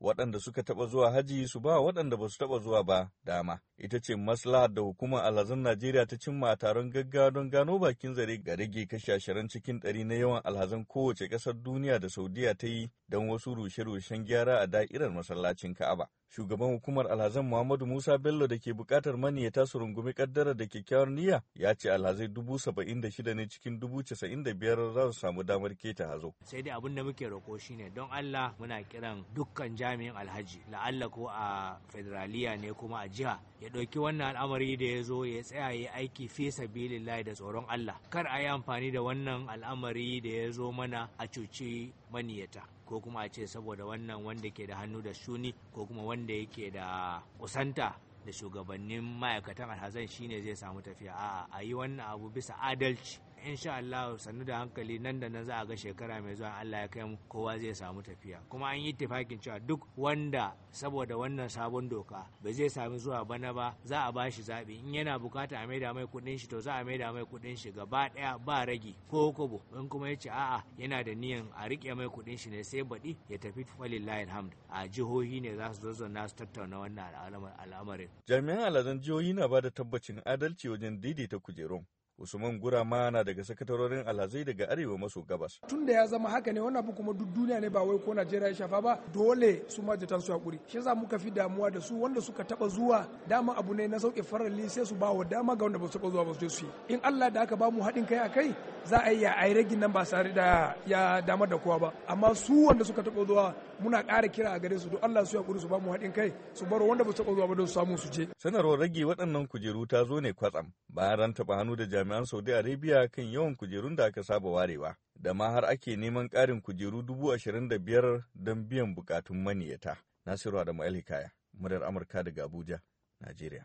waɗanda suka taɓa zuwa haji su ba waɗanda ba su taɓa zuwa ba dama. Ita ce maslahar da hukumar alhazan Najeriya ta cimma a taron gaggawa don gano bakin zare ga rage kashi ashirin cikin ɗari na yawan alhazan kowace ƙasar duniya da Saudiya ta yi don wasu rushe-rushen gyara a da'irar masallacin Ka'aba. Shugaban hukumar alhazan Muhammadu Musa Bello da ke buƙatar mani ya su rungumi ƙaddara da kyakkyawar niyya ya ce alhazai dubu saba'in da shida ne cikin dubu casa'in da biyar za su samu damar keta hazo. Sai dai abin da muke roƙo shine don Allah muna kiran dukkan jami'a jami'in alhaji la'alla ko a federaliya ne kuma a jiha ya ɗauki wannan al'amari da ya zo ya tsaya ya aiki fi sabilillahi da tsoron Allah kar a yi amfani da wannan al'amari da ya zo mana a cuci maniyata ko kuma a ce saboda wannan wanda ke da hannu da shuni ko kuma wanda yake da kusanta da shugabannin ma'aikatan alhazan shine zai samu tafiya a'a a yi wannan abu bisa adalci insha Allah sannu da hankali nan da nan za a ga shekara mai zuwa Allah ya kai mu kowa zai samu tafiya kuma an yi tafakin cewa duk wanda saboda wannan sabon doka ba zai sami zuwa bana ba za a ba shi zaɓi in yana bukata a maida mai kuɗin shi to za a maida mai kuɗin shi gaba ɗaya ba ragi ko kobo in kuma ya ce a'a yana da niyan a riƙe mai kuɗin shi ne sai baɗi ya tafi falillahi alhamd a jihohi ne za su zazzauna su tattauna wannan al'amarin. Jami'an aladun jihohi na ba da tabbacin adalci wajen daidaita kujerun Usman Gurama na daga sakatarorin alhazai daga arewa maso gabas. Tun da ya zama haka ne wannan kuma duk duniya ne ba wai ko Najeriya ya shafa ba dole su ma majatan su hakuri. Shi yasa muka fi damuwa da su wanda suka taba zuwa dama abu ne na sauke farali sai su ba wa dama ga wanda ba su taba zuwa ba su je su yi. In Allah da aka ba mu haɗin kai a kai za a yi a ayi ragin nan ba sare da ya damar da kowa ba. Amma su wanda suka taba zuwa muna ƙara kira a gare su don Allah su hakuri su ba mu haɗin kai su baro wanda ba su taba zuwa ba don su samu su je. Sanarwar rage waɗannan kujeru ta zo ne kwatsam bayan ran taɓa hannu da jami'a jami'an Saudi Arabia kan yawan kujerun da aka saba warewa, da ma har ake neman ƙarin kujeru dubu ashirin da biyar don biyan bukatun maniyata. Nasiru Adamu Alhikaya, muryar Amurka daga Abuja, Najeriya.